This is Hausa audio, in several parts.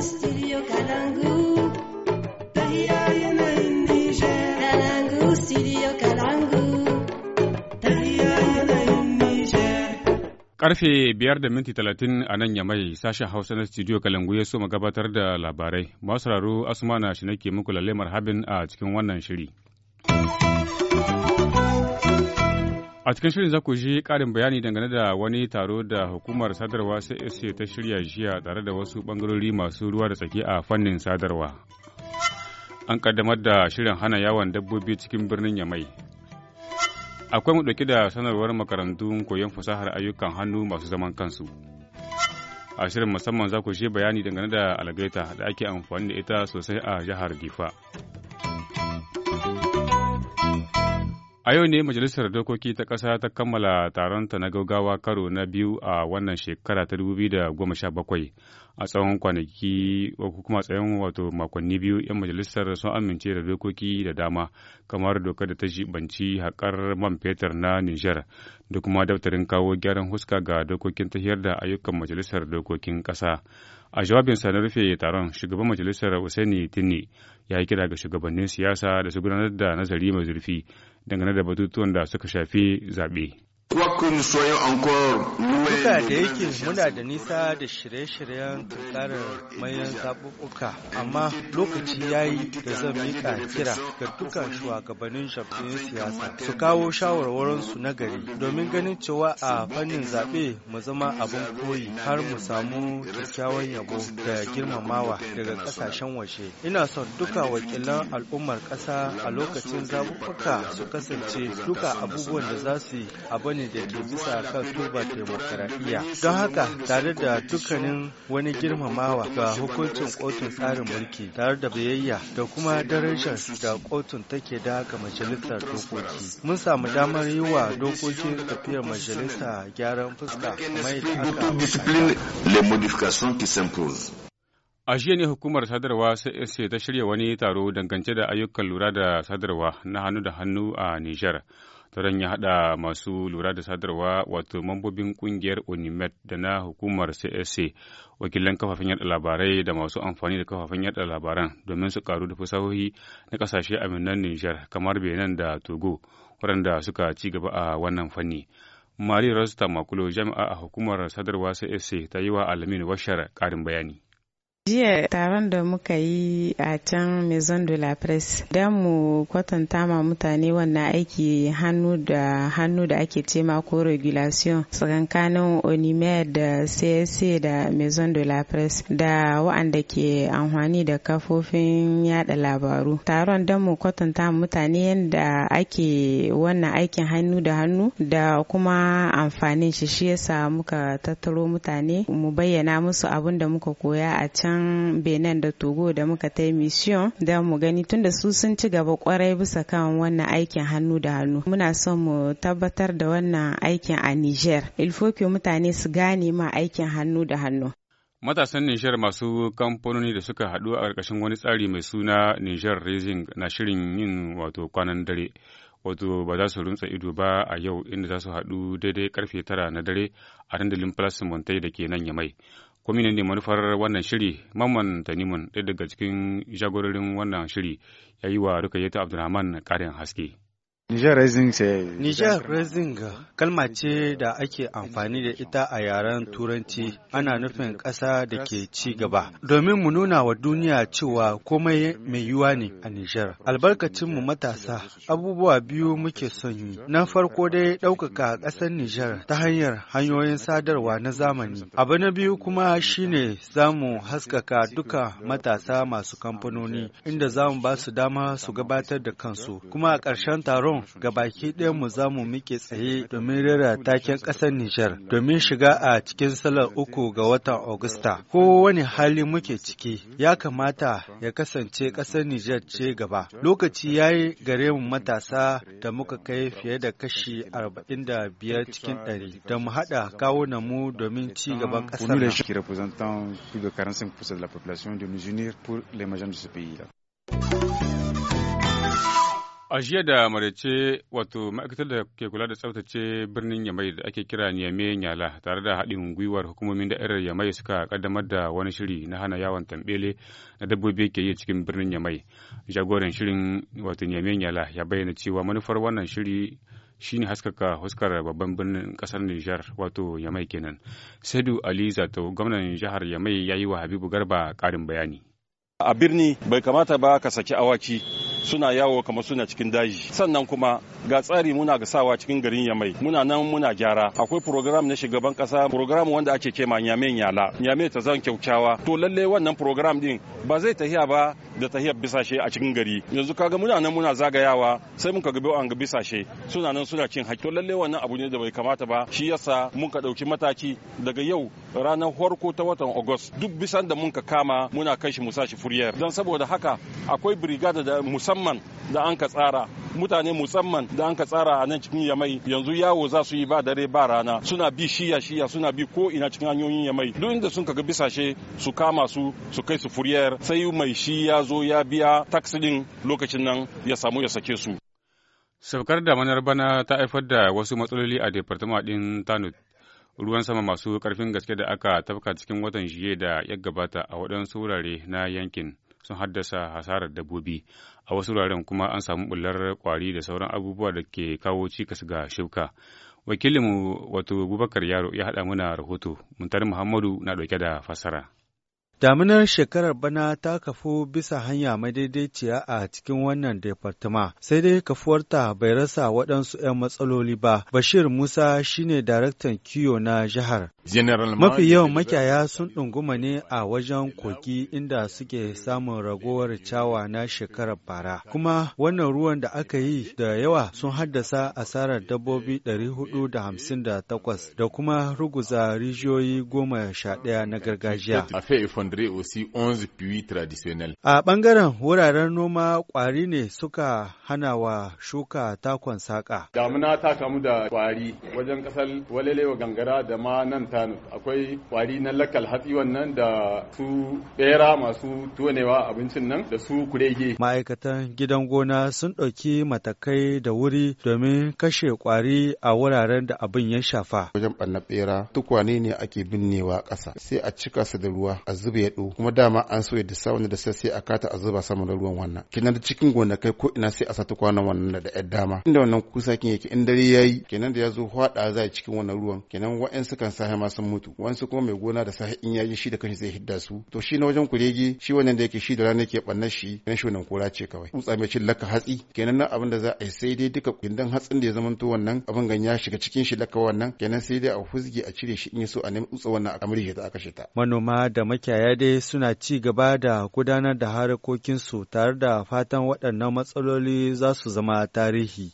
studio Karfe biyar da minti talatin a nan ya yamai sashen Hausa na studio Kalangu ya so gabatar da labarai. Masu raro Asmana shi nake muku lalle marhabin a cikin wannan shiri. A cikin shirin za ku ji ƙarin bayani dangane da wani taro da hukumar sadarwa CSC ta shirya jiya tare da wasu ɓangarori masu ruwa da tsaki a fannin sadarwa. An ƙaddamar da shirin hana yawon dabbobi cikin birnin Yamai. Akwai mu ɗauki da sanarwar makarantun koyon fasahar ayyukan hannu masu zaman kansu. A shirin musamman za ku je bayani dangane da algaita da ake amfani da ita sosai a jihar Difa. A yau ne Majalisar Dokoki ta ƙasa ta kammala taronta na gaugawa karo na biyu a wannan shekara ta sha bakwai a tsawon kwanaki kuma tsayin wato makonni biyu 'yan majalisar sun amince da dokoki da dama kamar dokar da ta shibanci haƙar man fetur na Nijar da kuma daftarin kawo gyaran huska ga dokokin tafiyar da ayyukan Majalisar Dokokin ƙasa. a jawabinsa na rufe taron shugaban majalisar usaini tinni ya yi kira ga shugabannin siyasa da su gudanar da nazari mai zurfi dangane da batutuwan da suka shafi zaɓe. Duka da yake muna da nisa da shirye-shiryen tunkarar mayan zaɓuɓɓuka, amma lokaci ya yi da zan miƙa kira ga dukkan shugabannin shafin siyasa su kawo shawarwaransu na gari domin ganin cewa a fannin zaɓe mu zama abin koyi har mu samu kyakkyawan yabo da girmamawa daga ƙasashen waje. Ina son duka wakilan al'ummar ƙasa a lokacin zaɓuɓɓuka su kasance duka abubuwan da za su yi abin ne da ke bisa kan tuba demokaradiyya don haka tare da dukkanin wani girmamawa ga hukuncin kotun tsarin mulki tare da biyayya da kuma darajar da kotun take da ga majalisar dokoki mun samu damar yi wa dokokin tafiyar majalisa gyaran fuska mai yadda A jiya ne hukumar sadarwa CSC ta shirya wani taro dangance da ayyukan lura da sadarwa na hannu da hannu a Nijar. Taron ya haɗa masu lura da sadarwa wato mambobin ƙungiyar Unimet da na hukumar CSC, wakilan kafafen yada labarai da masu amfani da kafafen yada labaran domin su karu da fasahohi na ƙasashe aminan Nijar kamar Benin da Togo waɗanda suka ci gaba a wannan fanni. Marie Rosta Makulo jami'a a hukumar sadarwa CSC ta yi wa Alamin Washar karin bayani. Jiya taron da muka yi a can Maison de la Presse don mu kwatanta ma mutane wannan aiki hannu da hannu da ake ce ma ko regulation tsakankanin Onimer da CSC da Maison de la Presse da wa'anda ke amfani da kafofin yada labaru. Taron don mu kwatanta mutane yadda ake wannan aikin hannu da hannu da kuma amfanin shi shi yasa muka tattaro mutane mu bayyana musu abin da muka koya a can kasan benin da togo da muka ta yi da mu gani tunda su sun ci gaba kwarai bisa kan wannan aikin hannu da hannu muna son mu tabbatar da wannan aikin a niger ilfoki mutane su gane ma aikin hannu da hannu Matasan Nijar masu kamfanoni da suka haɗu a ƙarƙashin wani tsari mai suna Nijar Raising na shirin yin wato kwanan dare. Wato ba za su runtsa ido ba a yau inda za su haɗu daidai karfe tara na dare a dandalin Palace Montai da ke nan Yamai. kwamina ne manufar wannan shiri mamman tanimun ɗaya daga cikin jagororin wannan shiri ya yi wa rukayyata abdulrahman ƙarin haske nijar Rising ce. Nijar Rising kalma ce da ake amfani da ita a yaren Turanci ana nufin ƙasa da ke ci gaba. Domin mu nuna wa duniya cewa komai mai yiwuwa ne a nijar Albarkacin mu matasa abubuwa biyu muke son yi. Na farko dai ɗaukaka ƙasar nijar ta hanyar hanyoyin sadarwa na zamani. Abu na biyu kuma shine zamu haskaka duka matasa masu kamfanoni inda zamu ba su dama su gabatar da kansu. Kuma a ƙarshen taron Ga baki ɗaya mu za mu muke tsaye domin rera taken ƙasar Nijar domin shiga a cikin salar uku ga watan Agusta. ko wani hali muke ciki ya kamata ya kasance ƙasar Nijar ce gaba. Lokaci ya yi gare mu matasa da muka kai fiye da kashi arba'in da biyar cikin ɗari da mu haɗa kawuna mu domin ci gaban ƙasar. A jiya da maraice wato ma'aikatar da ke kula da tsaftace birnin Yamai da ake kira Niyame Nyala tare da haɗin gwiwar hukumomin da'irar Yamai suka kaddamar da wani shiri na hana yawon tambele na dabbobi ke yi cikin birnin Yamai. Jagoran shirin wato Niyame Nyala ya bayyana cewa manufar wannan shiri shine haskaka huskar babban birnin kasar Nijar wato Yamai kenan. Saidu Ali Zato gwamnan jihar Yamai ya yi wa Habibu Garba ƙarin bayani. A birni bai kamata ba ka saki awaki suna yawo kamar suna cikin daji sannan kuma ga tsari muna ga sawa cikin garin yamai muna nan muna gyara akwai program na shugaban kasa program wanda ake kema nyame nyala nyame ta zan kyaukyawa to lalle wannan program din ba zai tahiya ba da tahiya bisashe a cikin gari yanzu kaga muna nan muna zagayawa sai muka ga an ga bisashe suna nan suna cin hakki to lalle wannan abu ne da bai kamata ba shi yasa ka dauki mataki daga yau ranar farko ta watan august duk bisan da mun ka kama muna kai shi musashi furiyar don saboda haka akwai brigada da musamman musamman da an ka tsara mutane musamman da an ka tsara a nan cikin yamai yanzu yawo za su yi ba dare ba rana suna bi shiya shiya suna bi ko ina cikin hanyoyin yamai duk inda sun kaga bisashe su kama su su kai su furiyar sai mai shi ya zo ya biya taxi din lokacin nan ya samu ya sake su saukar da manar bana ta haifar da wasu matsaloli a departama din tanut ruwan sama masu karfin gaske da aka tafka cikin watan shiye da ya gabata a waɗansu wurare na yankin sun haddasa hasarar dabbobi a wasu wuraren kuma an samu bullar kwari da sauran abubuwa da ke kawo cikas ga shuka wakilinmu wato bubakar yaro ya haɗa mana rahoto muntar muhammadu na ɗauke da fassara Daminar shekarar bana ta kafu bisa hanya madaidaiciya a cikin wannan departama, sai dai kafuwarta bai rasa waɗansu 'yan matsaloli ba. Bashir Musa shine daraktan kiyo na jihar. Mafi yawan makiyaya sun ɗunguma ne a wajen kogi inda suke samun ragowar cawa na shekarar bara. Kuma wannan ruwan da aka yi da yawa sun haddasa asarar dabbobi da kuma ruguza rijiyoyi goma sha na gargajiya. rendrait aussi 11 puits traditionnels. A ɓangaren wuraren noma ƙwari ne suka hana wa shuka takon saƙa. Damuna ta kamu da ƙwari wajen ƙasar walelewa gangara da ma nan tanu. Akwai ƙwari na lakal hatsi wannan da su ɓera masu tonewa abincin nan da su kurege. Ma'aikatan gidan gona sun ɗauki matakai da wuri domin kashe ƙwari a wuraren da abin ya shafa. Wajen ɓanna ɓera tukwane ne ake binnewa ƙasa sai a cika su da ruwa a zube yaɗo kuma dama an so yadda sa wani da sai a kata a zuba sama da ruwan wannan kenan da cikin gonakai ko ina sai a sata kwanan wannan da yar dama inda wannan kusa kin yake in dare yayi kenan da ya zo hwada za cikin wannan ruwan kenan wa'en kan sahi ma sun mutu su kuma mai gona da sahi in yayi shi da kanshi zai hidda su to shi na wajen kurege shi wannan da yake shi da rana yake bannar shi shi wannan kora ce kawai tsutsa mai cin laka hatsi kenan nan abin da za a yi sai dai duka gindan hatsin da ya zamanto wannan abin gan ya shiga cikin shi laka wannan kenan sai dai a huzge a cire shi in ya so a nemi tsutsa wannan a kamar ta aka shi ta manoma da makiyaya makiyaya dai suna ci gaba da gudanar da harkokinsu tare da fatan waɗannan matsaloli za su zama tarihi.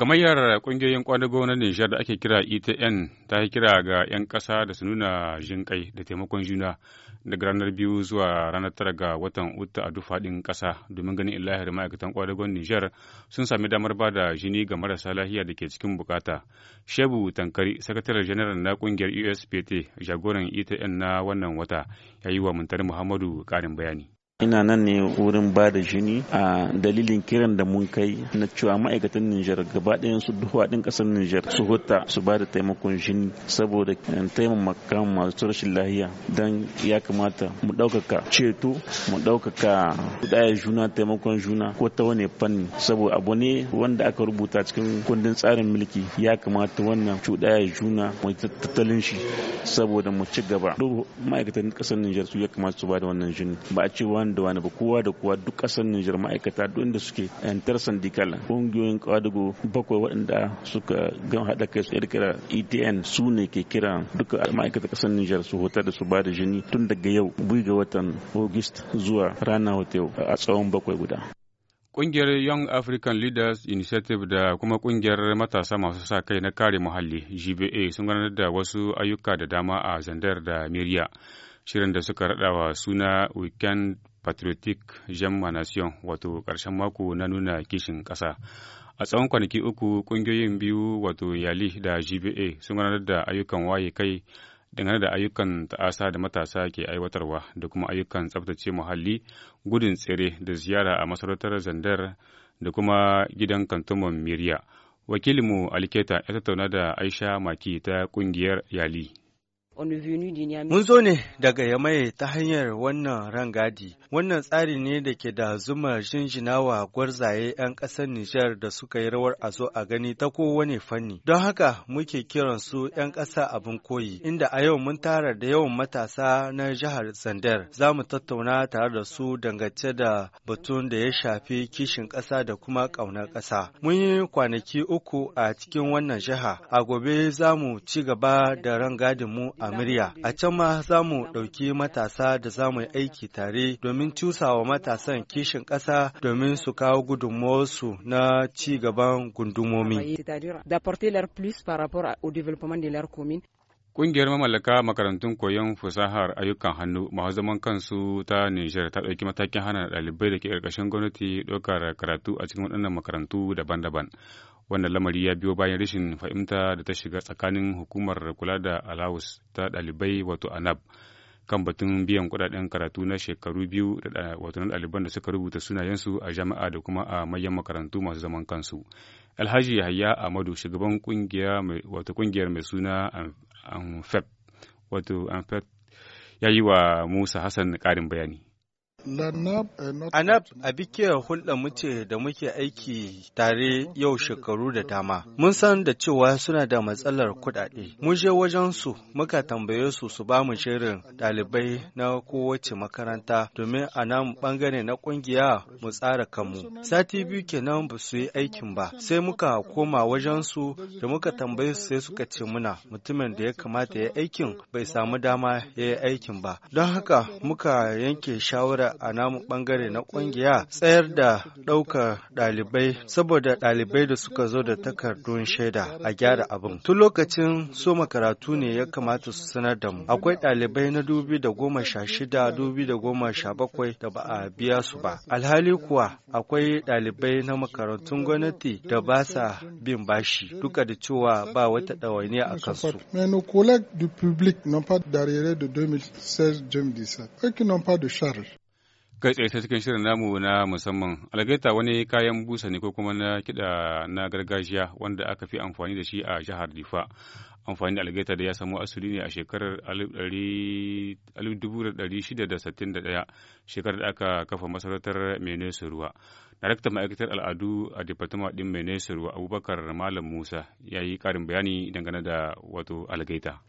Gamayyar kungiyoyin kwadago na Nijar da ake kira ETN ta yi kira ga 'yan kasa da su nuna kai da taimakon juna daga ranar biyu zuwa ranar tara ga watan Uta a dufaɗin kasa domin ganin illahir ma'aikatan kwadagon Nijar sun sami damar ba da jini ga marasa lahiya da ke cikin bukata. Shebu Tankari, sakataren janar na ƙungiyar USPT, jagoran ETN na wannan wata, ya yi wa Muntari Muhammadu ƙarin bayani. ina nan ne wurin ba da jini a dalilin kiran da mun kai na cewa ma'aikatan Nijar gaba ɗayan su duhuwa ƙasar Nijar su huta su ba da taimakon jini saboda eh, taimaka masu rashin lahiya don ya kamata mu ɗaukaka ceto mu ɗaukaka ɗaya juna taimakon juna ko ta wani fanni saboda abu ne wanda aka rubuta cikin kundin tsarin mulki ya kamata wannan cuɗaya juna mai tattalin shi saboda mu ci gaba duk ma'aikatan ƙasar Nijar su ya kamata su ba da wannan jini ba a ce wani da wani ba kowa da kowa duk kasar Nijar ma'aikata duk inda suke yantar sandikal ƙungiyoyin kwadago bakwai waɗanda suka gan haɗa kai su irkira ETN su ne ke kira duka ma'aikata ƙasar Nijar su hotar da su ba da jini tun daga yau buga ga watan August zuwa rana hotel a tsawon bakwai guda. Ƙungiyar Young African Leaders Initiative da kuma kungiyar matasa masu sa kai na kare muhalli GBA sun gudanar da wasu ayyuka da dama a Zandar da Miriya. Shirin da suka raɗa wa suna Weekend patriotic jemma nation wato ƙarshen mako na nuna kishin ƙasa a tsawon kwanaki uku ƙungiyoyin biyu wato yali da gba sun ranar da ayyukan waye kai dangane da ayyukan ta'asa da matasa ke aiwatarwa da kuma ayyukan tsaftace muhalli gudun tsere da ziyara a masarautar zandar da kuma gidan kantuman miriya wakilinmu aliketa ya tattauna da aisha maki ta ƙungiyar yali Mun zo ne daga Yamai ta hanyar wannan rangadi. Wannan tsari ne da ke da zuma jinjinawa gwarzaye 'yan ƙasar Nijar da suka yi rawar a zo a gani ta kowane fanni. Don haka muke kiran su 'yan ƙasa abin koyi, inda a yau mun tara da yawan matasa na jihar Zandar. Za mu tattauna tare da su dangance da batun da ya shafi kishin ƙasa da kuma ƙaunar ƙasa. Mun yi kwanaki uku a cikin wannan jiha. A gobe za mu ci gaba da rangadin mu a A can ma za mu ɗauki matasa da za mu yi aiki tare domin wa matasan kishin ƙasa domin su kawo gudunmuwarsu na ci gaban gundumomi. Ƙungiyar mamallaka makarantun koyon fasahar ayyukan hannu masu zaman kansu ta Nijar ta ɗauki matakin hana ɗalibai da ke ƙarƙashin gwamnati ɗaukar karatu a cikin waɗannan makarantu daban-daban. wannan lamari ya biyo bayan rashin fahimta da ta shiga tsakanin hukumar kula da alawus ta dalibai wato anab kan batun biyan kudaden karatu na shekaru biyu da wato na ɗaliban da suka rubuta sunayensu a jami'a da kuma a manyan makarantu masu zaman kansu alhaji yahya amadu shugaban kungiyar mai suna amfep wato amfep ya yi wa musa hassan karin bayani Eh, Anab abikiyar hulɗa muce da muke aiki tare yau shekaru da dama. Mun san da cewa suna da matsalar kuɗaɗe. Mun je wajen su muka tambaye su su ba mu shirin ɗalibai na kowace makaranta domin a nan bangare na ƙungiya mu tsara kanmu. Sati biyu kenan ba su yi aikin ba. Sai muka koma wajen su da muka tambaye su sai suka ce muna mutumin da ya kamata ya aikin bai samu dama ya yi aikin ba. Don haka muka yanke shawara a namu bangare na kungiya tsayar da ɗaukar ɗalibai saboda ɗalibai da suka zo da takardun shaida a gyara abin. Tun lokacin soma makaratu ne ya kamata su sanar da mu. Akwai ɗalibai na dubi da goma sha shida, dubi da goma sha bakwai da ba a biya su ba. Alhali kuwa akwai ɗalibai na makarantun gwamnati da ba sa bin bashi duka da cewa ba wata ɗawainiya a kansu. Mes collègues du public n'ont pas d'arriéré de 2016-2017, eux qui n'ont pas de charge. kai tsaye sai cikin shirin namu na musamman algaita wani kayan busa ne ko kuma na kiɗa na gargajiya wanda aka fi amfani da shi a jihar difa amfani da algaita da ya samo asali ne a shekarar 1661 shekarar da aka kafa masarautar menesu ruwa daraktan ma'aikatar al'adu a departama ɗin menesu ruwa abubakar malam musa ya yi karin bayani dangane da wato algaita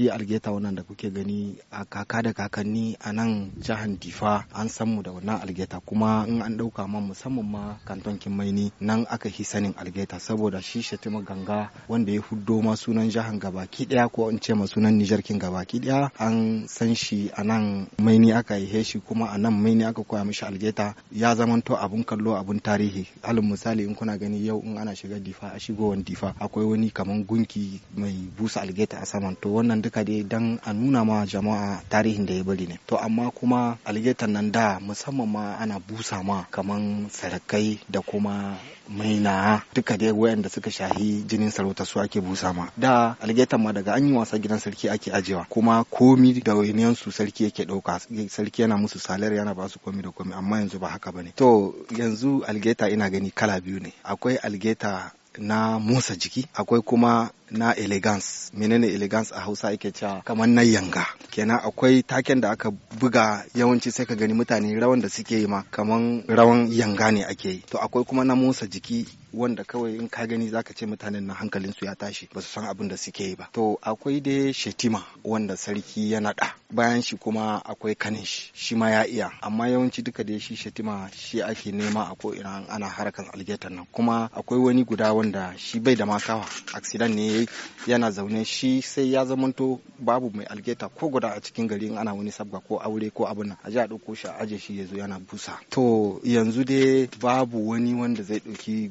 shi algeta wannan da kuke gani a kaka da kakanni a nan jihar difa an mu da wannan algeta kuma in an ɗauka ma musamman ma kanton kimaini nan aka fi sanin algeta saboda shi shatima ganga wanda ya huddo ma sunan jihar gabaki daya ko in ce ma sunan nijar kin gabaki daya an san shi a nan maini aka yi shi kuma a nan maini aka koya mishi algeta ya zamanto abun kallo abun tarihi alin misali in kuna gani yau in ana shiga difa a shigowar difa akwai wani kaman gunki mai busa algeta a saman to wannan duka dai dan a nuna ma jama'a tarihin da ya bari ne to amma kuma alligator nan da musamman ma ana busa ma kaman sarakai da kuma maina duka dai wayanda suka shahi jinin sarauta su ake busa ma da algaitan ma daga an yi wasa gidan sarki ake ajewa kuma komi da wainiyan su sarki yake dauka sarki yana musu salar yana ba su komi da komi amma yanzu ba haka bane to yanzu algeta ina gani kala biyu ne akwai algeta na motsa jiki akwai kuma na elegance menene elegance a hausa ake cewa kamar na yanga kenan akwai taken da aka buga yawanci sai ka gani mutane rawan da suke yi ma kamar rawan yanga ne ake yi to akwai kuma na motsa jiki wanda kawai in ka gani zaka ce mutanen na hankalin su ya tashi ba su san abin da suke yi ba to akwai dai shetima wanda sarki ya naɗa bayan shi kuma akwai kanin shi shi ma ya iya amma yawanci duka da shi shetima shi ake nema a ko ko'ina ana harakan algetan nan kuma akwai wani guda wanda shi bai da makawa accident ne yana zaune shi sai ya zamanto babu mai algeta ko guda a cikin gari in ana wani sabga ko aure ko abin nan a ji a ɗauko shi a aje shi ya zo yana busa to yanzu dai babu wani wanda zai ɗauki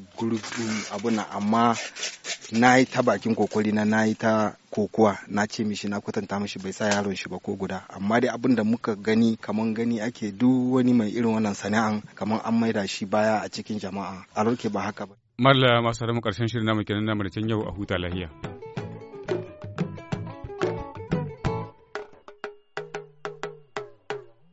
abuna amma na yi ta bakin kokori na na yi ta kokuwa na ce mishi na kwatanta mishi bai sa yaron shi ba ko guda amma dai abin da muka gani kaman gani ake duk wani mai irin wannan sana'an kaman an maida shi baya a cikin jama'a a ba haka ba. Mallam masu mu karshen shirin namu kenan na yau a huta lahiya.